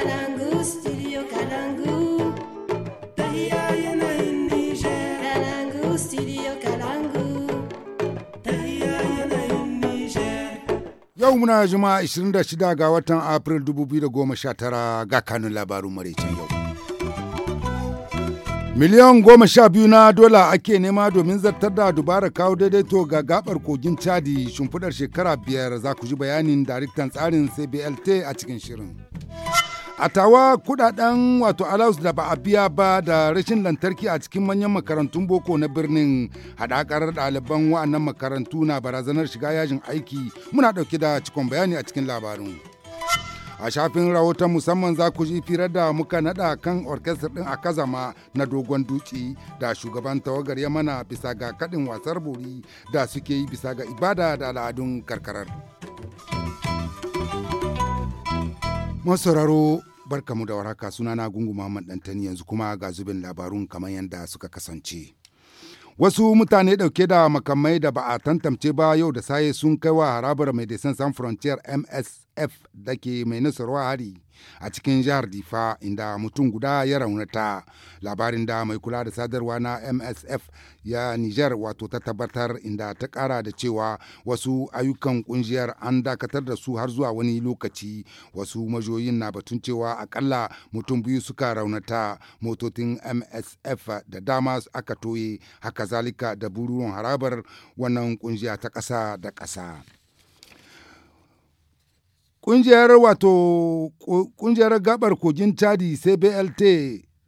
Kalangu, studio Kalangu. yanayin Kalangu, studio Kalangu. yanayin Yau muna juma 26 ga watan Afril 2019 ga kanun labarun maraicen yau. Miliyan goma sha biyu na dola ake nema domin zartar da dubara kawo daidaito ga gabar kogin Chadi shimfidar shekara biyar za ku ji bayanin daraktan tsarin CBLT a cikin shirin. a tawa kudaden wato alaus da ba a biya ba da rashin lantarki a cikin manyan makarantun boko na birnin haɗakar ɗaliban wa'annan makarantu na barazanar shiga yajin aiki muna ɗauke da cikon bayani a cikin labarin a shafin rahoton musamman za ku ji fira da muka naɗa kan orkestar ɗin a kazama na dogon dutse da shugaban tawagar ya mana bisa ga kaɗin wasar bori da suke yi bisa ga ibada da al'adun karkarar. masauraro mu da warhaka sunana Gungu Muhammad Dantani yanzu kuma ga zubin labarun kamar yadda suka kasance. Wasu mutane dauke da makamai da ba a tantance ba yau da saye sun kai wa harabar mai sans San Frontier MS f da ke mai nasarwa hari a cikin jihar difa inda mutum guda ya raunata labarin da mai kula da sadarwa na msf ya nijar wato ta tabbatar inda ta kara da cewa wasu ayyukan kungiyar an dakatar da su har zuwa wani lokaci wasu majoyin na batun cewa akalla mutum biyu suka raunata motocin msf da dama aka toye haka zalika da buruwan harabar wannan kungiya ta ƙasa da ƙasa. kungiyar wato kungiyar gabar kogin Chadi CBLT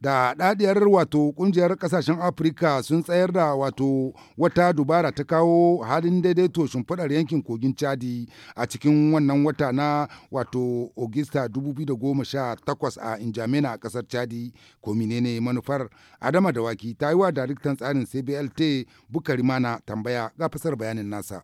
da ɗaɗiyar wato kungiyar ƙasashen Afirka sun tsayar da wato wata dubara ta kawo halin daidaito shimfiɗar yankin kogin Chadi a cikin wannan wata na wato Ogista 2018 a Injamena a ƙasar Chadi ko menene manufar Adama Dawaki ta yi wa daliktan tsarin CBLT Bukari Mana tambaya ga fasar bayanin nasa.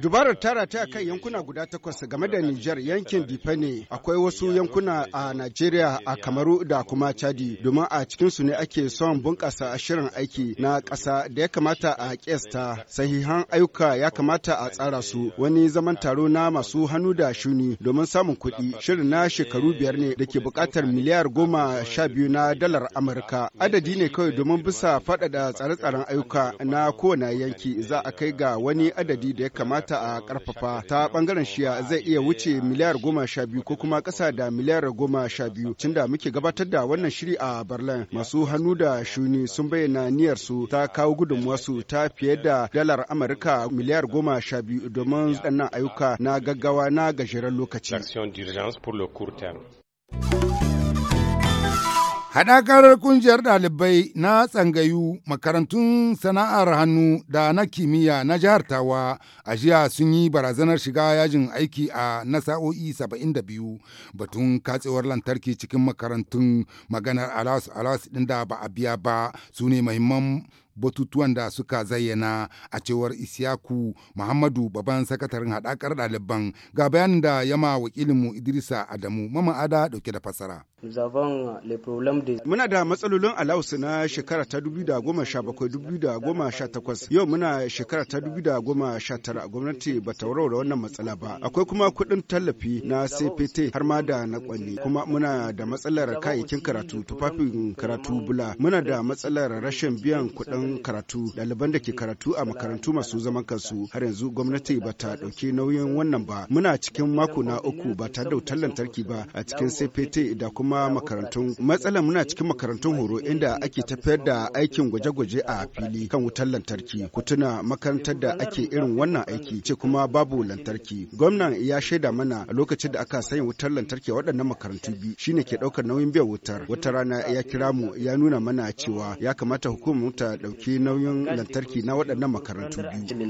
Dubarar tara ta kan yankuna guda takwas game da Nijar yankin Difa ne akwai wasu yankuna a Najeriya a Kamaru da kuma Chadi domin a cikinsu ne ake son bunƙasa shirin aiki na ƙasa da ya kamata a ƙesta sahihan ayyuka ya kamata a tsara su wani zaman taro na masu hannu da shuni domin samun kuɗi shirin na shekaru biyar ne da ke buƙatar miliyar goma sha biyu na dalar Amurka adadi ne kawai domin bisa faɗaɗa tsare-tsaren ayyuka na kowane yanki za a kai ga wani adadi da ya kamata a karfafa ta bangaren shiya zai iya wuce miliyar goma sha biyu ko kuma kasa da miliyar goma sha biyu tun da muke gabatar da wannan shiri a berlin masu hannu da shuni sun bayyana niyyar su ta kawo gudunmuwarsu ta fiye da dalar amurka miliyar goma sha biyu domin ɗannan ayyuka na gaggawa na gajeren lokaci. Haɗakar ƙungiyar ɗalibai na tsangayu makarantun sana'ar hannu da na kimiyya na jihar Tawa a jiya sun yi barazanar shiga yajin aiki a saba'in da 72 batun katsewar lantarki cikin makarantun maganar alas alas ɗin da ba a biya ba su ne muhimman batutuwan da suka zayyana a cewar Isiyaku Muhammadu baban sakataren haɗakar ɗaliban ga bayanin da yama wakilinmu Idrisa Adamu mama'ada dauke da fasara. Euh, muna da matsalolin alausu na shekara ta 2017-2018 yau muna shekara ta 2019 gwamnati ba ta warware wannan matsala ba. Akwai kuma kuɗin tallafi na CPT har ma da na kwanni kuma muna da matsalar kayayyakin karatu tufafin karatu bula muna da matsalar rashin biyan kuɗin karatu ɗaliban da ke karatu a makarantu masu zaman kansu har yanzu gwamnati ba ta ɗauki nauyin wannan ba muna cikin mako na uku ba tare da wutar lantarki ba a cikin cpt da kuma makarantun matsala muna cikin makarantun horo inda ake tafiyar da aikin gwaje-gwaje a fili kan wutar lantarki ku tuna makarantar da ake irin wannan aiki ce kuma babu lantarki gwamnan ya shaida mana a lokacin da aka sanya wutar lantarki waɗannan makarantu biyu shine ke ɗaukar nauyin biyan wutar wata rana ya kira mu ya nuna mana cewa ya kamata hukumar ta ɗauki ɗauki nauyin lantarki na waɗannan makarantu biyu.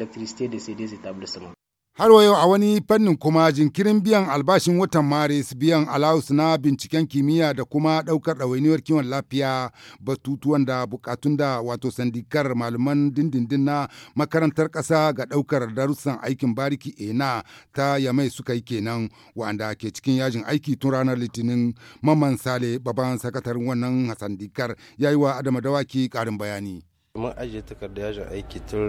Har wa a wani fannin kuma jinkirin biyan albashin watan Maris biyan alawus na binciken kimiyya da kuma ɗaukar ɗawainiyar kiwon lafiya batutuwan da bukatun da wato sandikar malaman dindindin na makarantar ƙasa ga ɗaukar darussan aikin bariki ena ta yamai suka yi kenan wanda ke cikin yajin aiki tun ranar litinin Mamman Sale babban sakataren wannan sandikar ya yi wa Adama Dawaki ƙarin bayani. mun ajiye takardar yajin aiki tun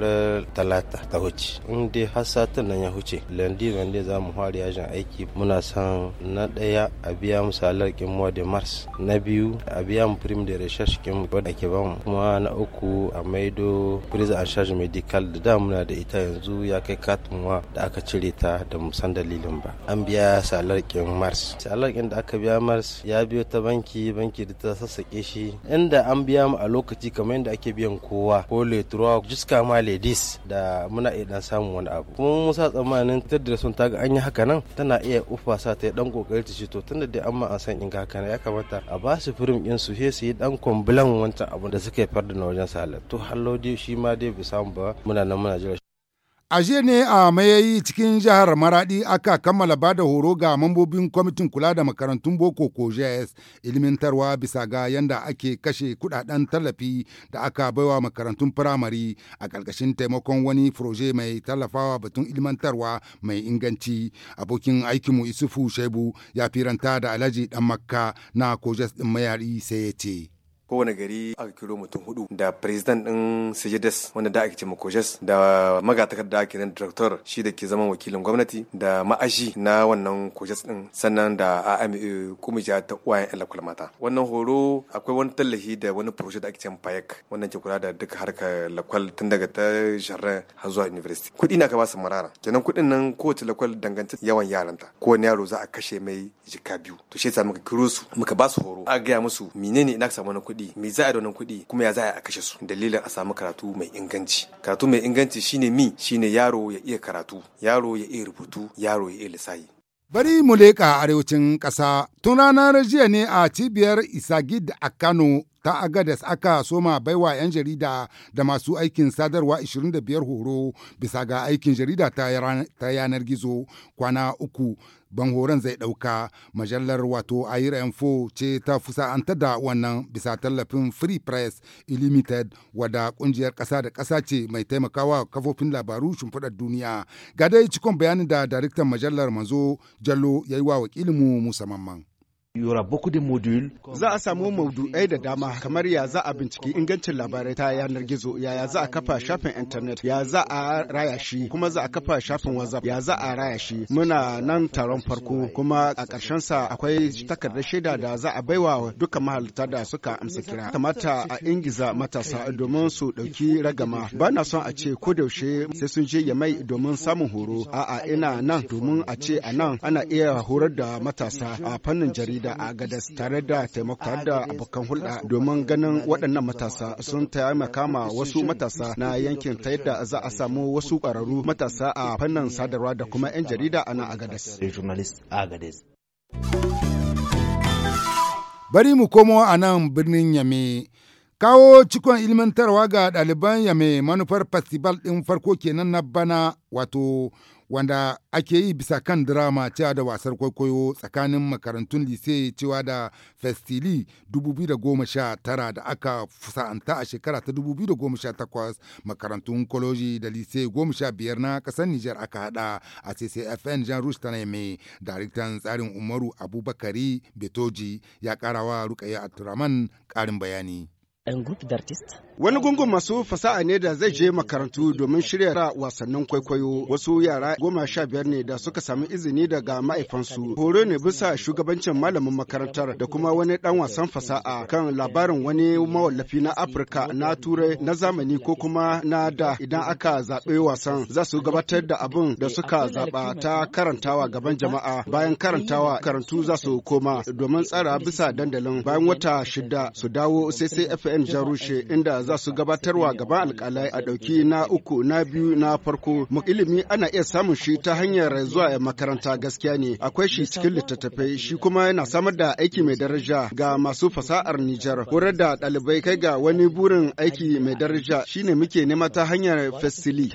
talata ta wuce in dai har satin nan ya huce landi landi za mu fara yajin aiki muna son na ɗaya a biya mu salar kinmu da mars na biyu a biya mu prim da kin kinmu ake ke bamu kuma na uku a maido prison and charge medical da da muna da ita yanzu ya kai katunwa da aka cire ta da mu san dalilin ba an biya salar kin mars salar kin da aka biya mars ya biyo ta banki banki da ta sassaƙe shi inda an biya mu a lokaci kamar yadda ake biyan ko kowa ko leturuwa jiska ma ladies da muna iya dan samun wani abu kuma mun sa tsammanin ta da sun taga an yi haka nan tana iya ufa sa ta dan kokari ta to tunda dai amma an san in haka ya kamata a ba su firim din su he su yi dan kwambulan wancan abu da suka yi farda na wajen salatu to hallo dai shi ma dai bai samu ba muna nan muna jira A jiya ne a mayayi cikin jihar Maradi aka kammala ba da horo ga mambobin kwamitin kula da makarantun boko ko JS ilimintarwa bisa ga yanda ake kashe kudaden tallafi da aka baiwa makarantun firamare a ƙarƙashin taimakon wani furoje mai tallafawa batun ilimantarwa mai inganci. Abokin aikinmu Isufu Shaibu ya firanta da Alhaji Dan Makka na ko JS ɗin mayari sai ya ce. kowane gari aka kiro mutum hudu da president din sijides wanda da ake ce makojes da magatakar da ake nan director shi da ke zaman wakilin gwamnati da ma'ashi na wannan kojes din sannan da AME kumija ta uwayen yan mata wannan horo akwai wani tallafi da wani project da ake ce payek wannan ke kula da duka harkar lakwal tun daga ta har zuwa university kuɗi na ka ba su marara kenan kuɗin nan kowace lakwal dangance yawan yaranta kowane yaro za a kashe mai jika biyu to shi sa muka kiro su muka ba su horo a gaya musu menene ina samu kuɗi me za a da wannan kuɗi kuma ya za a kashe su dalilin a samu karatu mai inganci karatu mai inganci shine mi shine yaro ya iya karatu yaro ya iya rubutu yaro ya iya lissafi Bari mu leƙa arewacin ƙasa tun ranar jiya ne a cibiyar Isagid a Kano ta Agadas aka soma baiwa 'yan jarida da masu aikin sadarwa 25 horo bisa ga aikin jarida ta yanar gizo kwana uku ban horon zai ɗauka majallar wato ayira info ce ta fusa'antar da wannan bisa tallafin free press illimited wada kungiyar ƙasa da ƙasa ce mai taimakawa kafofin labaru shimfiɗar duniya ga dai cikon bayanin da daraktan majallar manzo jallo ya yi wa wakilinmu musamman Za a samu maudu'ai da dama kamar ya za a binciki ingancin labarai ta yanar gizo, ya za a kafa shafin intanet, ya za a raya shi, kuma za a kafa shafin WhatsApp, ya za a raya shi. Muna nan taron farko kuma a ƙarshen sa akwai takardar shaida da za a baiwa dukkan mahalarta da suka amsa kira. Kamata a ingiza matasa domin su ɗauki ragama. Ba na son a ce ko daushe. sai sun je ya mai domin samun horo. A'a ina nan domin a ce a nan ana iya horar da matasa a fannin jarida. da Agadas tare da taimakon da abokan hulɗa domin ganin waɗannan matasa sun taimaka ma wasu matasa na yankin ta yadda za a samu wasu ƙwararru matasa a fannin sadarwa da kuma 'yan jarida a nan Bari mu komo a nan birnin Yame. Kawo cikon ilmantarwa ga ɗaliban Yame manufar festival ɗin farko kenan na bana wato wanda ake yi bisa kan drama cewa da wasar kwaikwayo tsakanin makarantun lise cewa da festili 2019 da aka fusa'anta a shekara ta 2018 makarantun koloji da lise 15 na kasar Nijar aka hada a CCFN Jean Rouge ta Naime, daraktan tsarin Umaru Abubakari Betoji ya karawa a turaman karin bayani. Wani gungun masu fasaha ne da zai je makarantu domin shirya wasannin kwaikwayo. Wasu yara goma sha biyar ne da suka sami izini daga ma'aifansu. Horo ne bisa shugabancin malamin makarantar da kuma wani dan wasan fasaha kan labarin wani mawallafi na Afirka na Turai na zamani ko kuma na da idan aka zaɓe wasan za su gabatar da abin da suka zaɓa ta karantawa gaban jama'a bayan karantawa karantu za su koma domin tsara bisa dandalin bayan wata shida su dawo sai sai shari'in Jarushe inda za su gabatarwa gaban alkalai a ɗauki na uku na biyu na farko. Ilimi ana iya samun shi ta hanyar zuwa makaranta gaskiya ne akwai shi cikin littattafai shi kuma yana samar da aiki mai daraja ga masu fasa'ar Nijar. Horar da ɗalibai kai ga wani burin aiki mai daraja shine muke nema ta hanyar fasili.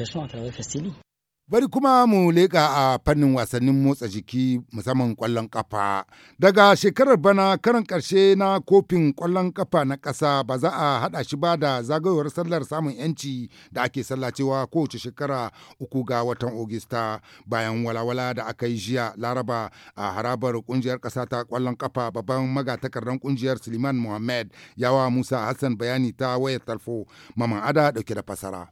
Bari kuma mu leƙa a fannin wasannin motsa jiki musamman ƙwallon ƙafa. Daga shekarar bana karan ƙarshe na kofin ƙwallon ƙafa na ƙasa ba za a haɗa shi ba da zagayowar sallar samun 'yanci da ake sallacewa kowace shekara uku ga watan Ogista bayan walawala da aka yi jiya Laraba a harabar ƙungiyar ƙasa ta ƙwallon ƙafa babban magatakardan ƙungiyar Suleiman Mohammed yawa Musa Hassan bayani ta wayar talfo Maman Ada ɗauke da fasara.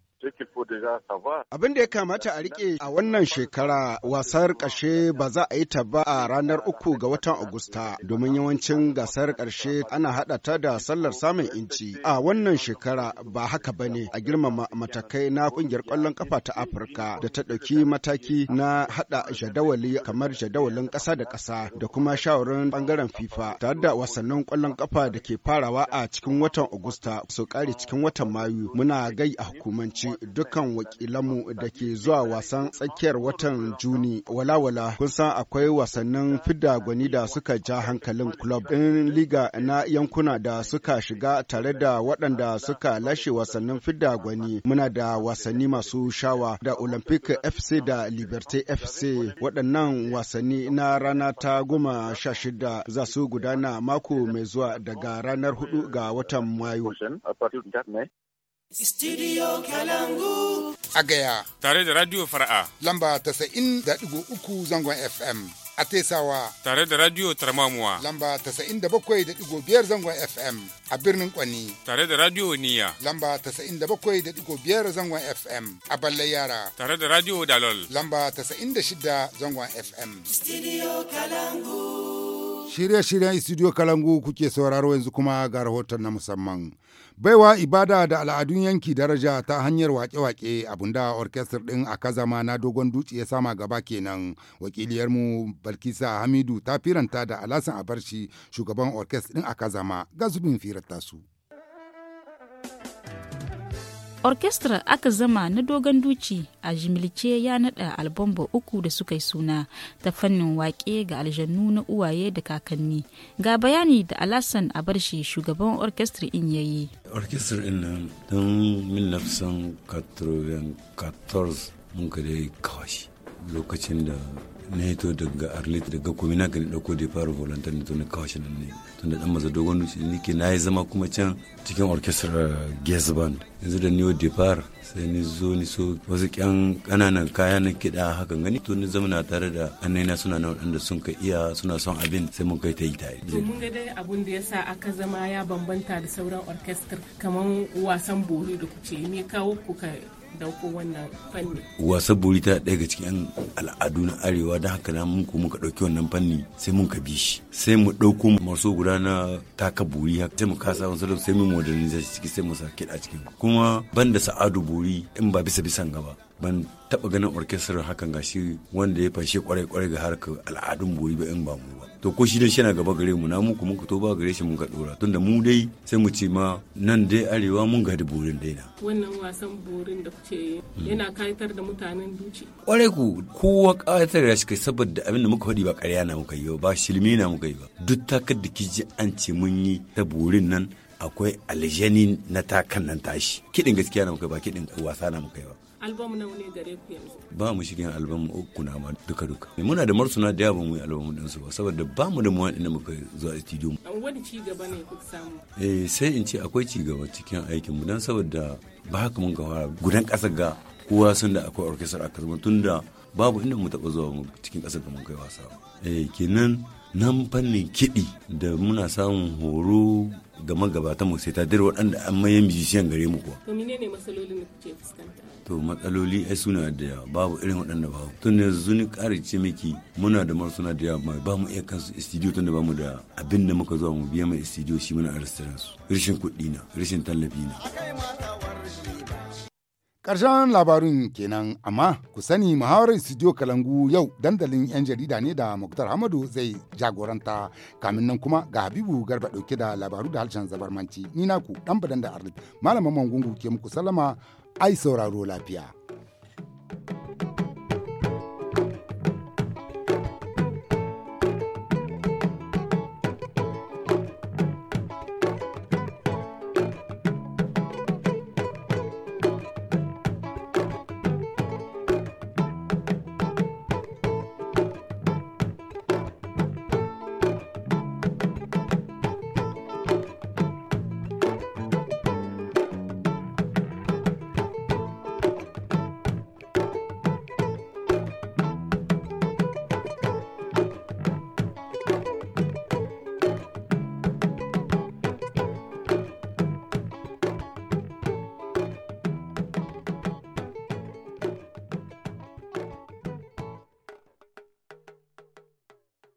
za ba. Abin da ya kamata a rike a wannan shekara wasar ƙarshe ba za a yi ta ba a ranar uku ga watan Agusta domin yawancin gasar ƙarshe ana haɗa ta da sallar samun inci. A wannan shekara ba haka ba ne a girmama matakai na ƙungiyar ƙwallon ƙafa ta Afirka da ta ɗauki mataki na haɗa jadawali kamar jadawalin ƙasa da ƙasa da kuma shawarin ɓangaren FIFA tare da wasannin ƙwallon ƙafa da ke farawa a cikin watan Agusta su ƙare cikin watan Mayu muna gai a hukumance dukkan wakilanmu da ke zuwa wasan tsakiyar watan Juni. Walawala kun san akwai wasannin fidda gwani da suka ja hankalin club ɗin liga na yankuna da suka shiga tare da waɗanda suka lashe wasannin fidda gwani. Muna da wasanni masu shawa da Olympic FC da liberty FC waɗannan wasanni na rana ta goma sha shida za su gudana mako mai zuwa daga ranar hudu ga watan Mayu. Studio Kalangu. A gaya. Tare da Radio Fara'a. Lamba tasa'in da digo uku zangon FM. A Tesawa. Tare da Radio Tarmamuwa. Lamba tasa'in da bakwai da digo biyar zangon FM. A birnin Kwani. Tare da Radio Niya. Lamba tasa'in da bakwai da digo biyar zangon FM. A Balle Yara. Tare da Radio Dalol. Lamba tasa'in da shida zangon FM. Studio Kalangu. Shirye-shiryen studio Kalangu kuke sauraro yanzu kuma ga rahoton na musamman. Baiwa ibada da al'adun yanki daraja ta hanyar wake-wake abun da orkestar ɗin a kazama na dogon dutse ya sama gaba kenan. Wakiliyarmu Balkisa Hamidu ta firanta da Alasan Abarshi shugaban orkestar din a kazama ga zubin firar tasu. orkestra aka zama na dogon duci a jimilce ya nada albamba uku da suka yi suna ta fannin wake ga aljannu na uwaye da kakanni ga bayani da alasan a barshe shugaban orkestra in yayi orkestra in nan don 1914 mun ka dai lokacin da na hito daga arlit daga komi na gani dauko da fara volunteer ne to na kawo shi nan ne tun da dan maza dogon dutse ne ke na zama kuma can cikin orchestra gas band yanzu da new depar sai ni zo ni so wasu kyan kananan kaya na kiɗa hakan gani to ni zamana tare da annaina suna na waɗanda sun ka iya suna son abin sai mun kai ta yi tare. to mun ga dai abun da yasa aka zama ya bambanta da sauran orchestra kamar wasan bori da kuce me kawo ku ka dauko wannan fanni. Wasa bori ta ɗaya ga cikin al'adu na arewa don haka na mun muka ɗauki wannan fanni sai mun ka bi shi. Sai mu ɗauko maso guda na taka bori sai mu kasa wani salon sai mu modernize ciki sai mu sa kiɗa cikin. Kuma ban da sa'adu buri in ba bisa bisan gaba ban taba ganin orkestra hakan ga shi wanda ya fashe kwarai kwarai ga harkar al'adun boyi ba in ba mu ba to ko shi dai shana na gaba gare mu na mu kuma ku to ba gare shi mun ka dora tunda mu dai sai mu ce ma nan dai arewa mun ga burin dai na wannan wasan burin da kuke hmm. yana kaitar da mutanen duci kwarai ku kowa kaitar da shi saboda abin da muka faɗi ba ƙarya na muka yi ba shilmi na muka yi ba duk takar da kiji an ce mun yi ta burin nan akwai aljanin na takan nan tashi kiɗin gaskiya na muka ba kiɗin wasa na muka yi ba album na ne gare ku yanzu ba mu shigen album uku na ma duka duka muna da marsuna da yawa mu yi album din su ba saboda ba mu da mu wanda muka zuwa studio mu. wani ci gaba ne ku samu eh sai in ce akwai ci gaba cikin aikin mu dan saboda ba haka mun ga gudan ƙasa ga kowa sun da akwai orchestra kasuwa tun da babu inda mu taɓa zuwa cikin ƙasar da mun kai wasa eh kenan nan fannin kiɗi da muna samun horo ga magabatan mu sai ta dare waɗanda an maye musician gare mu kuwa. To menene matsalolin da kuke fuskanta? To matsaloli ai suna da babu irin waɗanda babu. Tun yanzu ni ƙara ce miki muna da suna da yawa ba mu iya kansu studio tun da bamu da abin da muka zuwa mu biya mai studio shi muna a restaurant su. Rashin kuɗi na, rashin tallafi na. Ƙarshen labarin kenan amma ku sani muhawarar studio Kalangu yau dandalin 'yan jarida ne da Muktar Hamadu zai jagoranta kamin nan kuma ga Habibu Garba ɗauke da labaru da harshen zabarmanci ni naku ɗan badan da Arlit malamin Mangungu ke muku salama ai sauraro lafiya.